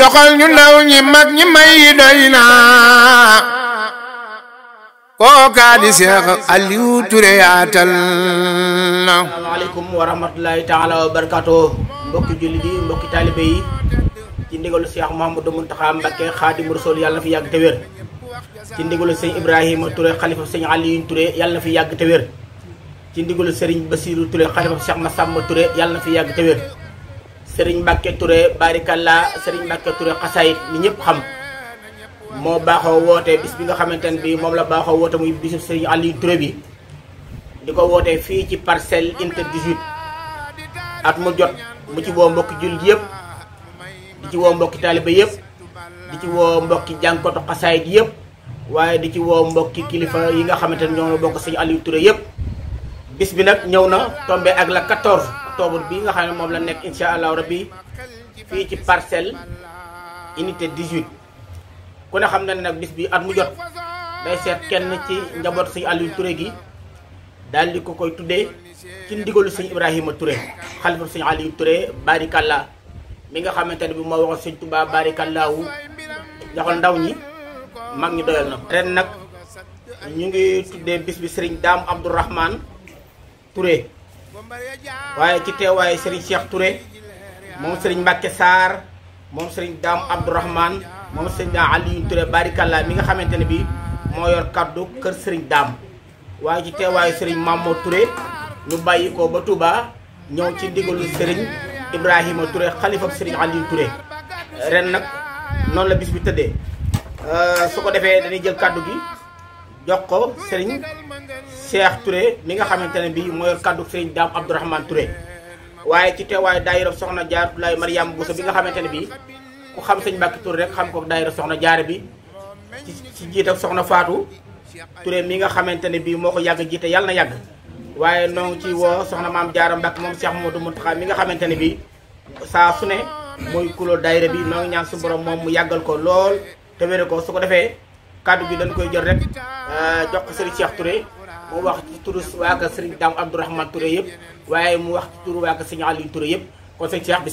joxal ñu ndaw ñi mag ñi may yi doy naa kookaa di Seex Aliou Touré yaatal na asalaamaaleykum wa rahmatulahi taala wa barakaatu mbokki jullit yi mbokki taalibe yi ci ndigalu Seex Mouhamadou Mountakha Mbacké Xaadimu Rasuul yàlla na fi yàgg te wér ci ndigalu sëñ Ibrahima Touré xalifa sëñ Aliou Touré yàlla na fi yàgg te wér ci ndigalu sëriñ Basiiru Touré xalifa Seex sàmm Touré yàlla na fi yàgg te wér Serigne Mbacke Touré barikalla Serigne Mbacke Touré xasaayit ni ñëpp xam moo baaxoo woote bis bi nga xamante ne bii moom la baaxoo woote muy bisu Serigne Aliou Touré bi di ko wootee fii ci parcelle unité 18 at mu jot mu ci woo mbokki jullit yëpp di ci woo mbokki taaliba yëpp di ci woo mbokki jànkatu xasaayit yëpp waaye di ci woo mbokki kilifa yi nga xamante ne ñoo bokk Serigne Aliou Touré yëpp. bis bi nag ñëw na tombé ak la 14 octobre bi nga xam ne moom la nekk incha allahu rabbi fii ci parcelle unité 18 ku ne xam na ne nag bis bi at mu jot day seet kenn ci njaboot àll Aliou Touré gi daal di ko koy tuddee ci ndigalu sëñ Ibrahima Touré xalifa sëñ Aliou Touré barikalla mi nga xamante ne bi moo waxoon sëñ Touba barikallaahu joxoon ndaw ñi mag ñi doyal na ren nag ñu ngi tuddee bis bi daamu Daam Abdourahman Touré waaye ci teewaayu Serigne Cheikh Touré moom sëriñ Mbacke Sarr moom sëriñ Dame Abdourahmane moom Serigne Dame Alioune Touré Barikalla mi nga xamante ne bii moo yor kaddu kër sëriñ Dame waaye ci teewaayu Serigne Mamadou Touré ñu bàyyi ko ba Touba ñëw ci ndigalu Serigne Ibrahima Touré xalifa Serigne Alioune Touré ren nag noonu la bis bi tëddee euh, su ko defee dañuy jël kàddu gi jox ko Serigne. Cheikh Touré mi nga xamante ne bii mooy kaddu sëriñ Daam Abdourahmane Touré waaye ci teewaayu daayira soxna Jaaratullaay Mariam Bousso bi nga xamante ne bii ku xam sëñ Mbàkke Touré rek xam ko daayira soxna jaare bi ci ci jiit ak soxna Faatu ture mi nga xamante ne bii moo ko yàgg jiite yàlla na yàgg waaye noo ngi ci woo soxna maam Jaara Mbàkke moom Cheikh Mamadou Mountakha mi nga xamante ne bii saa su ne mooy kuloo dayre bi noo ngi ñaan su borom moom mu yàggal ko lool te wére ko su ko defee kàddu bi dañ koy jot rek euh, jox ko sëriñ ture Touré mu wax ci turu waa sëriñ Dame Abdourahmane Touré yëpp waaye mu wax ci turu waa kër sëriñ Aliou Touré yëpp kon sëñ sëriñ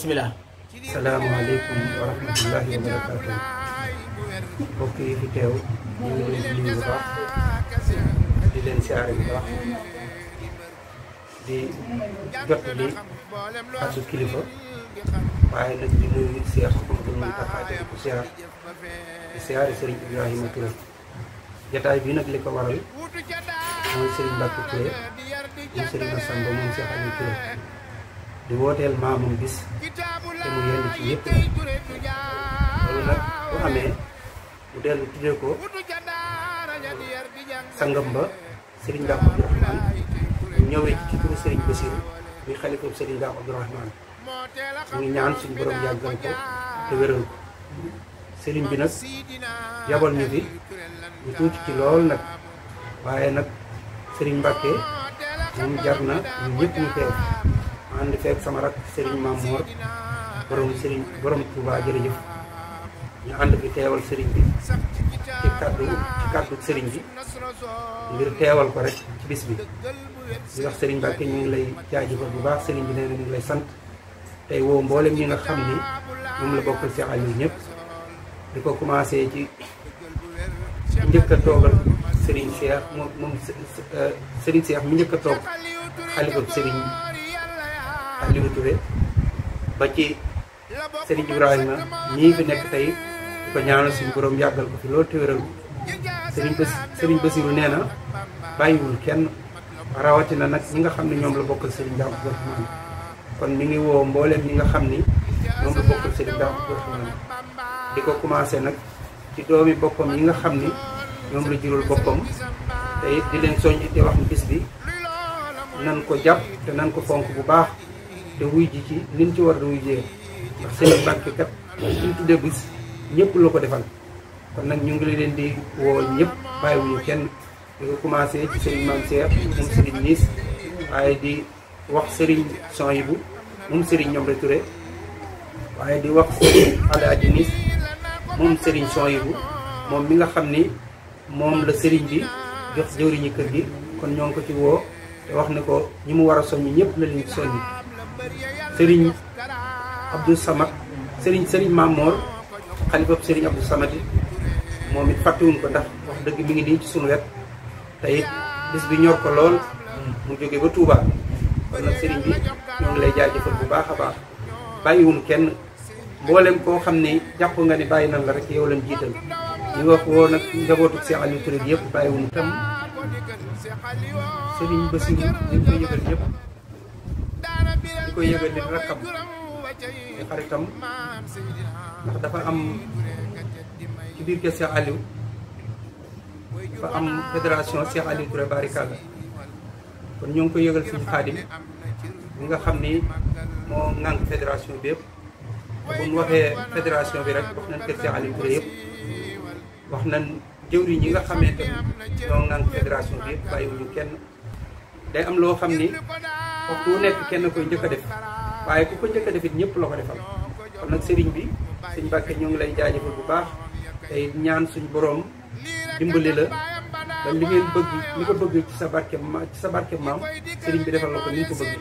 Ibrahima Touré jotaay bi nag li ko waral. mooy Serigne Mbacke Touré moom Serigne Massamba moom Cheikh Aliou Touré di wooteel maamam bis te mu yenn ci yëpp loolu nag bu amee mu dellu ko sangam ba Serigne Mbacke Abdourahmane ñu ñëwee ci turu Serigne Bassirou muy xalifam Serigne Mbacke Abdourahmane mu ngi ñaan suñu borom yàggal ko te ko Serigne bi nag yabal ñu fi ñu tuuti ci lool nag waaye nag. Serigne Mbacke moom jar na ñu ñëpp ñu teew ma ànd feeg sama rak Serigne Mamour borom Serigne borom Touba jërëjëf ñu ànd fi teewal sëriñ bi ci kàddu ci bi ngir teewal ko rek ci bis bi. di wax Serigne Mbacke ñu ngi lay jaajëfal bu baax sëriñ bi nee na ñu lay sant tey woo mboolem ñi nga xam ni moom la bokkal si yi ñëpp di ko commencé ci njëkk toogal. Serigne Cheikh moom moom euh, Serigne Cheikh mu njëkk a toog xalifa Serigne Aliou Touré ba ci Serigne Ibrahima ñii fi nekk tey di ko ñaanal suñu borom yàggal ko fi loolu téwéral Serigne Bas Serigne Basiru nee na bàyyiwul kenn rawatina nag ñi nga xam ne ñoom la bokkal Serigne Dame Abdourahmane kon mi ngi woo mbooleem ñi nga xam ni ñoom la bokkal Serigne Dame Abdourahmane di ko commencé nag ci doomi boppam yi nga xam ni. ñoom la jural boppam te di leen soññ te wax ni bis bi nan ko jàpp te nan ko fonk bu baax te wuy ji ci liñ ci war a wuy jee ndax seen banque kat suñ bis ñëpp la ko defal kon nag ñu ngi leen di woo ñëpp bàyyiwuñu kenn di ko commencé ci sëriñ Maam Seex moom sëriñ Niis waaye di wax sëriñ Soyibu moom sëriñ Ñomre Touré waaye di wax sëriñ Alaaji Niis moom sëriñ Soyibu moom mi nga xam ni moom la sëriñ bi jox jëwriñu kër gi kon ñoo ngi ko ci woo te wax ne ko ñi mu war a soññ ñëpp la leen ci soññ sëriñ Abdou Samad sëriñ sëriñ Mamoor xalifa sëriñ Abdou Samad it moom it fàttewuñ ko ndax wax dëgg mi ngi nii ci suñu wet te it bis bi ñor ko lool mu jóge ba Touba kon nag sëriñ bi ñoo ngi lay jaajëfal bu baax a baax bàyyiwuñ kenn mboolem koo xam ne jàpp nga ne bàyyi nan la rek yow lañ jiital ñu wax woo nag njabootu Cheikh Aliou Touré yëpp bàyyiwul itam tam Bassirou ñu ngi koy yëgal yëpp ñu koy yëgal di xaritam ndax dafa am ci biir kër Cheikh Aliou dafa am fédération Cheikh Aliou Touré Barikalla kon ñu ngi koy yëgal suñu xaadim bi nga xam ni moo ŋànk fédération bi yëpp te bu ñu waxee fédération bi rek wax nañ kër Cheikh Aliou Touré yëpp. wax nañ jëwriñ yi nga xamante ni ñoo ngaan fédération bi yëpp bàyyiwuñu kenn day am loo xam ni waxtu wu nekk kenn koy njëkk a def waaye ku ko njëkk a def ñëpp la ko defal kon nag sëriñ bi sëñ Mbàkke ñoo ngi lay jaajëfal bu baax ñaan suñu boroom dimbali la ba li ngeen bëgg li ko bëgg ci sa barke ma ci sa barke maam sëriñ bi defal la ko ni nga ko bëgg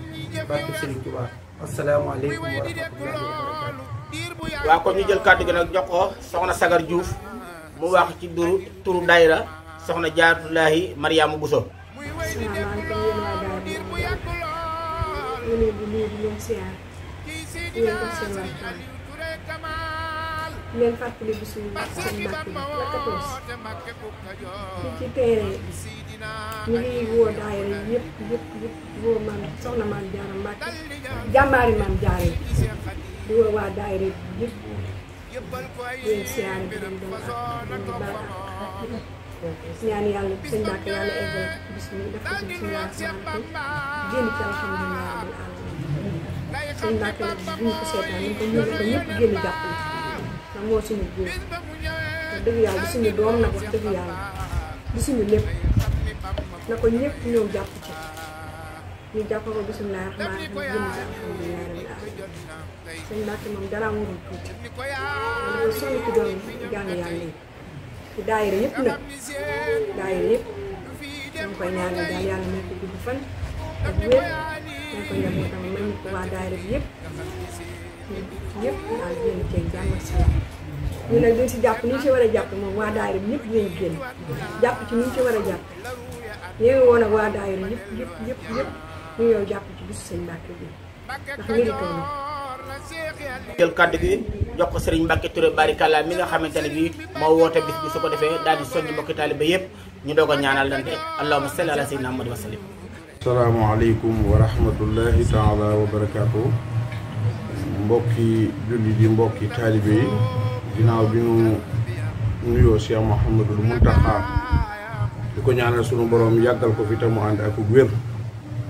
barke sëriñ Tuubaa asalaamaaleykum wa rahmatullaahi wa kon ñu jël kàddu gi nag jox ko soxna Sagar Diouf. mu wax ci duru turu daayira soxna jaaratullaahi Mariama Bousso leen fàttali bi suñu seen mbàkk bi la quatorze fi ci teere ñu ngi woo daayira yëpp yëpp yëpp woo soxna maam jaara mbàkk waa daayira yëpp yéen siyaare bi ngeen doon ak bu baax ak xarit ñaan yàlla sëñ Mbacke yàlla eggale bu ñu ko seetaan suñu góor wax suñu doom nag wax dëgg yàlla di suñu lépp na ko ñëpp ñoom jàpp ñu jàpp ko bisimilah rahmaan jëm ci alhamdulilah rabbil ñu ngi yow jàpp ci bisu sëñ Mbacke bi ndax mérité na. jël ko sëriñ Mbacke Touré Barikalla mi nga xamante ne bii moo woote bis bi su ko defee daal di soññ mbokki taaliba yëpp ñu doog a ñaanal dante allahumma salli ala sayyidina Muhammad wa sallim. salaamaaleykum wa rahmatullahi taala wa barakaatu mbokki jullit yi mbokki taalibe yi ginnaaw bi ñu nuyoo Cheikh Mouhamadul Mountakha di ko ñaanal sunu borom yàggal ko fi te mu ànd ak wér.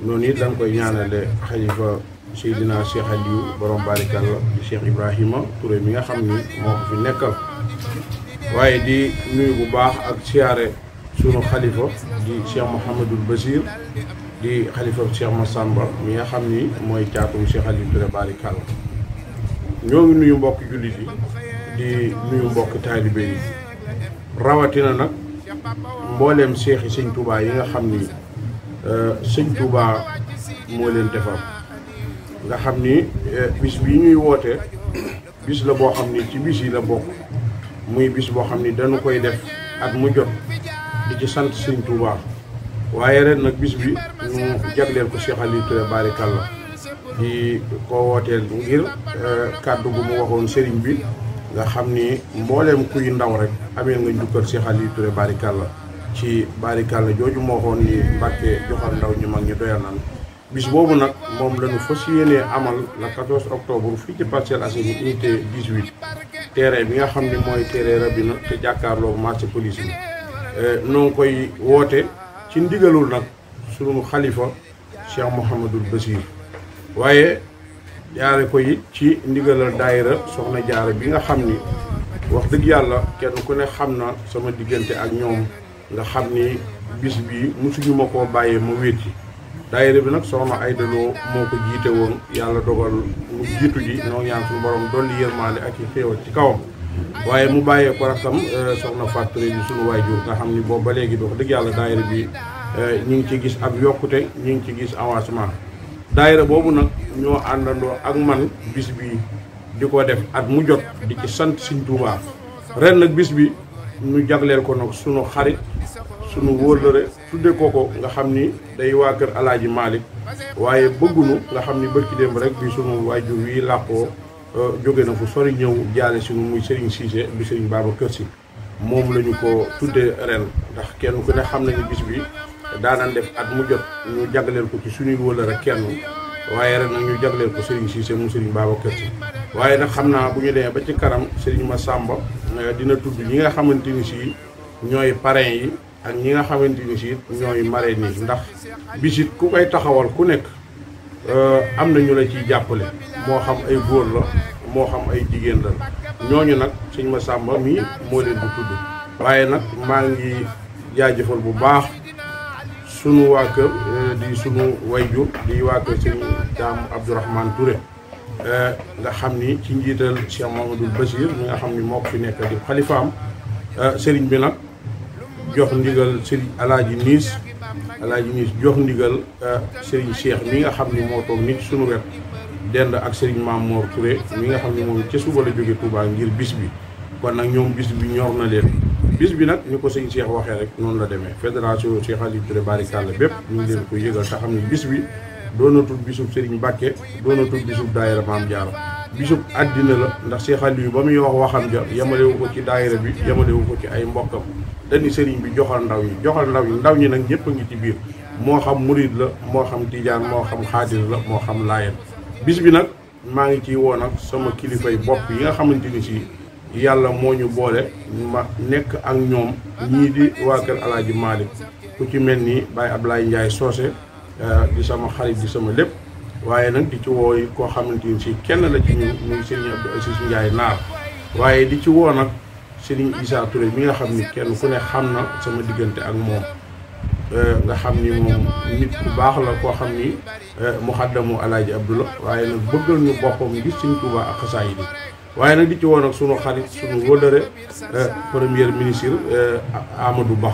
noonu it lañ koy ñaanale xalifa Seydina Cheikh Aliou borom barikalla di Cheikh Ibrahima Touré mi nga xam ni moo ko fi nekkal waaye di nuyu bu baax ak siyaare sunu xalifa di Cheikh Mouhamadul Basir di xalifa Cheikh Massamba mi nga xam ni mooy caatum Cheikh Aliou Touré barikalla ñoo ngi nuyu mbokk jullit yi di nuyu mbokk taalibe yi rawatina nag mbooleem seexi sëñ Tuubaa yi nga xam ni Euh, sëñ Touba moo leen defar nga xam ni euh, bis bi ñuy woote bis la boo xam ni ci bis yi la bokk muy bis boo xam ni dañu koy def at mu jot di ci sant sëñ Touba waaye ren nag bis bi ñu jagleel ko Cheikh Aliou Touré Barikalla di ko wooteel ngir euh, kàddu gu mu waxoon sëriñ bi nga xam ni mbooleem kuy ndaw rek amee nga njukkal Cheikh Aliou Touré Barikalla ci barikàlla jooju moo ni Mbàkke joxal ndaw ñu mag ñu doyal na bis boobu nag moom la ñu fas yéenee amal la 14 octobre fii ci Parcelles Assainies unité 18 terrain bi nga xam ne mooy terrain Rabina te jàkkaarloo marché police bi euh, noo ngi koy woote ci ndigalul nag sunu xalifa Cheikh Mouhamadul Basir waaye jaare ko it ci ndigalal daayira soxna jaare bi nga xam ni wax dëgg yàlla kenn ku ne xam na sama diggante ak ñoom nga xam ni bis bi musuñu ma koo bàyyee ma wéeti daayira bi nag soxna Ayda Lo moo ko jiite woon yàlla dogal mu jiitu ji noo ñaan suñu borom dolli yërmaale ak i xéewal ci kawam waaye mu bàyyee ko rakkam eh, soxna fàttali bi suñu waajur nga xam ni boobu ba léegi dox dëgg yàlla daayira bi eh, ñu ngi ci gis ab yokkute ñu ngi ci gis avancement daayira boobu nag ñoo andando ak man bis bi di def at mu jot di ci sant Sëñ Tuubaa ren nag bis bi ñu jagleel ko nag sunu xarit sunu wóllëre tudde ko ko nga xam ni day waa kër alaaji Malick waaye bëggunu nga xam ni bërki démb rek bi sunu waajur wi làqoo euh, jóge na fu sori ñëw jaale sunu muy Serigne Cissé bi Serigne kër si moom la ñu ko tudde ren ndax kenn ku ne xam nañu bis bi daanaan def ak mu jot ñu jagleel ko ci suñuy wóllëre kenn waaye ren nag ñu jagleel ko Serigne Cissé mu Serigne kër Sy waaye nag xam naa bu ñu dee ba ci kanam ma Massamba Euh, dina tudd ñi nga xamante ni si ñooy parrain yi ak ñi nga xamante ni si ñooy marraine yi ndax bisit ku koy taxawal ku nekk euh, am na ñu la ciy jàppale moo xam ay góor la moo xam ay jigéen la ñooñu nag sëñ Massamba mii moo leen di tudd waaye nag maa ngi jaajëfal bu baax sunu waa kër euh, di sunu wayjur di waa kër sëñ Daam Abdourahmane Touré Eh, nga xam ni ci njiital Cheikh Mamadou Bachir mi nga xam ni moo fi nekk di xalifaam eh, sëriñ bi nag jox ndigal sëriñ alaaji niis alaaji niis jox ndigal eh, sëriñ Cheikh mi nga xam ni moo toog nit suñu wet dend ak sëriñ Mame Mor Touré mi nga xam ni moom ci suba la jóge Touba ngir bis bi kon nag ñoom bis bi ñor na leen bis bi nag ñu ko sëñ Cheikh waxee rek noonu la demee fédération Cheikh Ali Touré Barikalla bépp ñu ngi leen ko yëgal te xam ni bis bi doonatul bisub Serigne Mbacke doonatul bisub daayira Maam Jaara bisub àddina la ndax Cheikh yu ba muy wax waxam ja yemalewu ko ci daayira bi yemalewu ko ci ay mbokkam dañu Serigne bi joxal ndaw ñi joxal ndaw ñi ndaw ñi nag yépp a ngi ci biir moo xam murid la moo xam tijaan moo xam xaadir la moo xam laayeen bis bi nag maa ngi ciy woon ak sama kilifay bopp yi nga xamante ni si yàlla moo ñu boole ma nekk ak ñoom ñii di waa kër Alaaji Maalik ku ci mel ni Baye Ablaye Ndiaye Socé Euh, di sama xarit di sama lépp waaye nag di ci woo koo xamante ni si kenn la ci ñu muy Serigne Abdou Aziz Ndiaye naar waaye di ci woo nag Serigne Issa bi mi nga xam ni kenn ku ne xam na sama diggante ak moom euh, nga xam ni moom nit ku baax la koo xam ni euh, mu xaddamu alaaji abdula waaye nag bëggal ñu boppam ngir Serigne Touba ak xasaay yi waaye nag di ci woo nag sunu xarit sunu wëlëre premier ministre Amadou Ba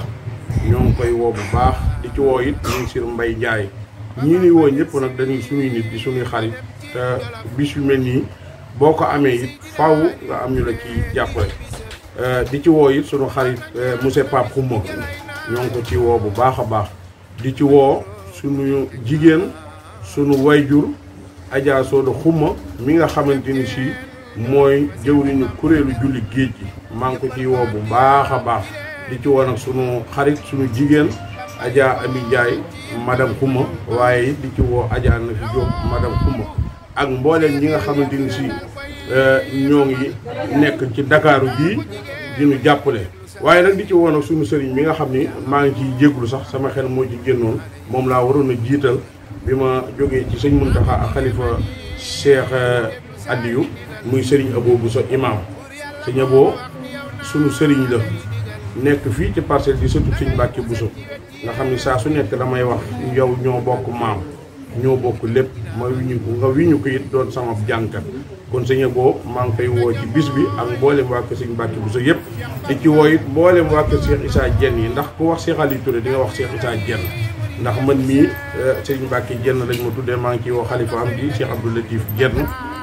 ñoo koy woo bu baax di ci woo it ministre Mbaye Ndiaye ñii ni woo ñëpp nag dañuy suñuy nit di suñuy xarit te yu mel nii boo ko amee it faaw nga am ñu la ci jàppale euh, di ci woo it suñu xarit euh, monsieur Pape ñoo ko ci woo bu baax a baax di ci woo suñu jigéen suñu wayjur Adja Soda Xuma mi nga xamante ni si mooy jëwriñu kuréelu julli géej gi maa ngi ko ciy woo bu baax a baax di ci woon ak sunu xarit sunu jigéen Adja Ami Ndiaye madame Kouma waaye it di ci woo Adja na fi Diop madame Kouma ak mbooleem ñi nga xamante ni si eh, ñoo ngi nekk ci Ndakaaru bii di jàppule waaye nag di ci woon ak sunu sëriñ mi nga xam ni maa ngi ciy jégglu sax sama xel moo ci génnoon moom laa waroon a jiital bi ma jógee ci sëñ Muntaxa ak xalifa Cheikh eh, Adiyu muy sëriñ Abo bu sa imaam sëñ Abo sunu sëriñ la. nekk fii ci parcelle bi surtout suñu Mbàkke Buso nga xam ni saa su nekk damay wax yow ñoo bokk maam ñoo bokk lépp ma wiñu ko nga wiñu ko it doon sama jànkat kon sëñ Abo maa ngi koy woo ci bis bi ak mboolem waa kër Sëñ Mbàkke Buso yëpp di ci woo it mboolem waa kër Cheikh Issa Diène yi ndax ku wax Cheikh Aliou Touré di nga wax Cheikh Issa ndax man mii euh, Serigne Mbacke Diène lañ ma tuddee maa ngi ciy woo xalifa am di Cheikh Abdou Latif jenn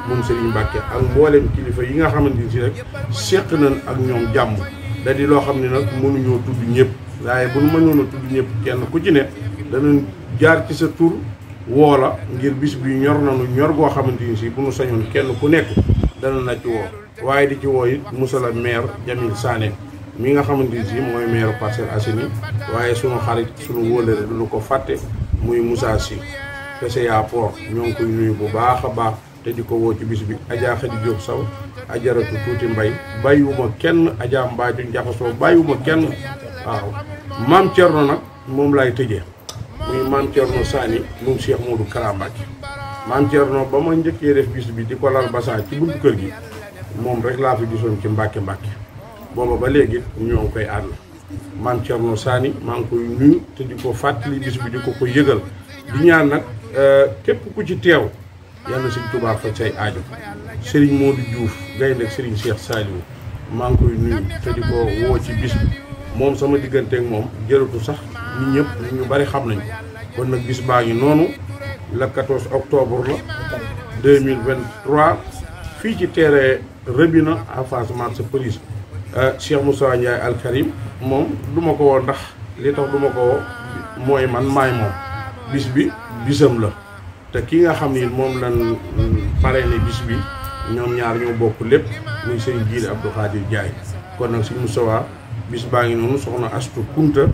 moom Serigne Mbacke ak mboolem kilifa yi nga xamante ni rek seq nañ ak ñoom jàmm da loo xam ne nag mënuñoo tudd ñëpp waaye bu ñu mënoon a tudd ñëpp kenn ku ci ne danañ jaar ci sa tur woola ngir bis bi ñor nañu ñor goo xamante ni si bu ñu sañoon kenn ku nekk dana na ci woo waaye di ci woo it monsieur le maire Jamil mi nga xamante ni si mooy maire Parcelles Assainies waaye sunu xarit sunu wóolare du ñu ko fàtte muy Moussa Sy PCA Port ñoo ngi koy nuyu bu baax a baax. te di ko woo bis bi Adja Khady Diop Sow ajaratu tuuti mbay bàyyiwuma kenn Adja Mbaye njaxasoo bàyyiwuma kenn waaw maam Thierno nag moom lay tëje muy maam Thierno Sani moom Cheikh Modou maam ba ma njëkkee bis bi di ko lal kër gi moom rek laa fi gisoon ci ba léegi ñoo ngi koy ànd maa ngi te di ko fàttali bis bi di ko ko yëgal di ñaan nag euh, képp ku ci teew yàlla si sëñ Tuubaa faj say aajo sëriñ Modou Diouf gaynde ak sëriñ Cheikh Saliou maa ngi koy nuyu te di ko woo ci bis bi moom sama diggante ak moom jëratu sax nit ñëpp nit ñu bari xam nañu kon nag bis baa ngi noonu la 14 octobre la 2023 fii ci terrain Robina en face marché police euh, Cheikh Moussa Ndiaye Al moom du ma ko woo ndax li tax du ko mooy man maay moom bis bi bisam la te ki nga xam ni moom lan parrainé bis bi ñoom ñaar ñoo bokk lépp muy sëñ ab Abdou Khadir Jaay kon nag sëñ Moustapha bis baa ngi noonu soxna Astu Kunta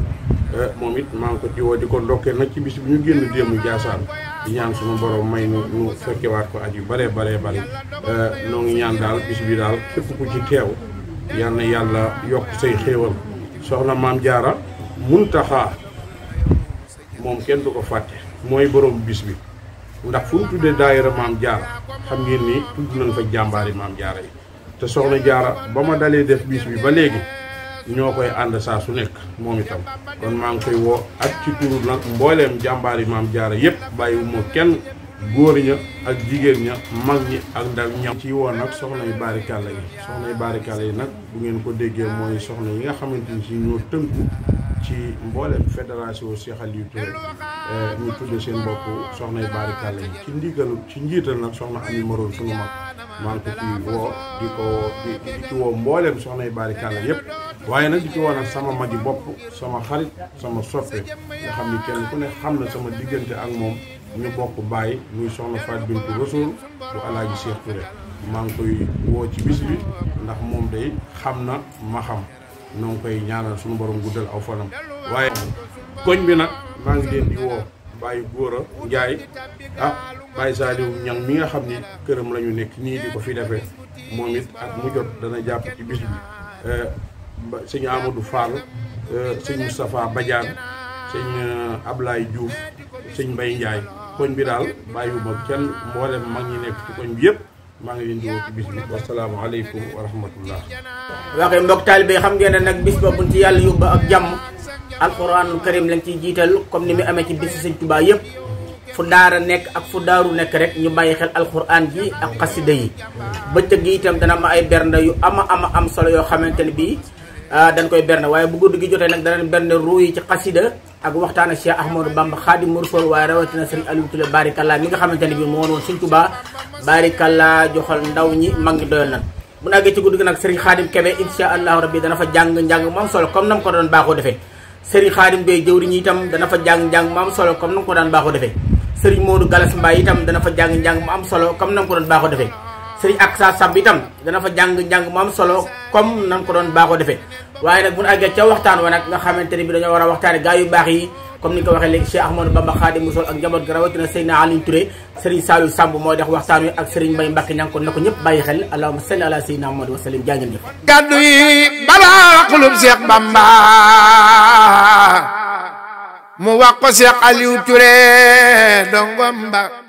eh, moom it maa ko ci di ko ndokkee nag ci bis bi ñu génn démb Jaasaan di ñaan suñu borom may nu ñu fekkewaat ko at yu bare bare bare eh, noo ngi ñaan daal bis bi daal képp ku ci teew yal yàlla yokk say xéewal soxna maam jaara muntaxaa moom kenn du ko fàtte mooy borom bis bi ndax fu ñu tuddee daayira maam jaara xam ngeen ni tudd nañ fa jàmbaari maam jaara yi te soxna jaara ba ma dalee def bis bi ba léegi ñoo koy ànd saa su nekk moom itam kon maa ngi koy woo ak ci turu nag mbooleem jàmbaari maam jaara yépp bàyyiwuma kenn góor ña ak jigéen ña mag ñi ak ndaw ñam ci woon nag soxna yu baarikàlla yi soxna yu baarikàlla yi nag bu ngeen ko déggee mooy soxna yi nga xamante ni si ñoo tënku ci mboolem fédération Cheikh Aliou Touré ñu euh, tudde seen bopp soxna yu baarikàlla yi ci ndigal ci njiital nag soxna Ami Maroon sunu mag maa ko ci woo di ko di ci woo mboolem soxna yu baarikàlla yëpp waaye nag di ci woo nag sama magi bopp sama xarit sama soppe nga xam ni kenn ku ne xam na sama diggante ak moom ñu bokk bàyyi muy soxna Fatou Bintou Rasoul bu alaaji Cheikh Touré maa ngi koy woo ci bis bi ndax moom day xam na ma xam noo ngi koy ñaanal suñu borom guddal aw fanam waaye koñ bi nag maa ngi leen di woo bàyyi góor a njaay ah bàyyi saaliw ñang mi nga xam ni këram lañu nekk nii di ko fi defee moom it ak mu jot dana jàpp ci bis bi eh, sëñ Amadou Fall eh, sëñ Moustapha Badiane sëñ eh, Ablaye Diouf sëñ Mbaye Ndiaye koñ bi daal bàyyiwuma kenn mboolem mag ñi nekk ci koñ bi yëpp maa ngi leen di woo ci bis bi wa rahmatullah waxee mbokk xam ngeen ne nag bis ba buñ ci yàlla yóbba ak jàmm alquranul karim lañ ciy jiital comme ni mu amee ci bisu sëñ Tuubaa yëpp fu daara nekk ak fu daaru nekk rek ñu bàyyi xel alquran ji ak xasida yi bëccëg gi itam dana am ay bernde yu ama ama am solo yoo xamante ne bii ah, dañ koy bernde waaye bu guddi gi jotee nag danañ bernde ruu yi ci xasida ak waxtaan ak Cheikh Ahmadou Bamba Xaadimu Rasuul waaye rawatina sëriñ Aliou Touré barikalla mi nga xamante ne bii moo woon sëriñ Tuubaa barikalla joxal ndaw ñi mag ngi doyal nan bu naagee ci guddi gi nag sëriñ Xaadim Kebe insha allahu dana fa jàng njàng solo comme nam ko doon baaxoo defee sëriñ Xaadim Bey jëwriñ itam dana fa jàng njàng am solo comme nam ko daan baaxoo defee sëriñ Modou Galas itam dana fa jàng njàng mu am solo comme nam ko doon baaxoo defee sëriñ Aksa Samb itam dana fa jàng njàng mu am solo comme nam ko doon baaxoo defee waaye nag bu ñu àggee ca waxtaan wa nag nga xamante ne bi dañoo war a waxtaane gaa yu baax yi ni nga ko waxee léegi Cheikh Ahmadou Bamba Khadim Rassoul ak njaboot gi rawatina Seydina Aliou Touré Serigne Saliou Samb moo def waxtaan wi ak Serigne ko na ko ñëpp bàyyi xel allahumma salli ala Seydina Muhammad wa sallim jaa ngeen jëf kàddu yi balaa xulub Cheikh Bamba mu wax ko Cheikh Aliou Touré dongom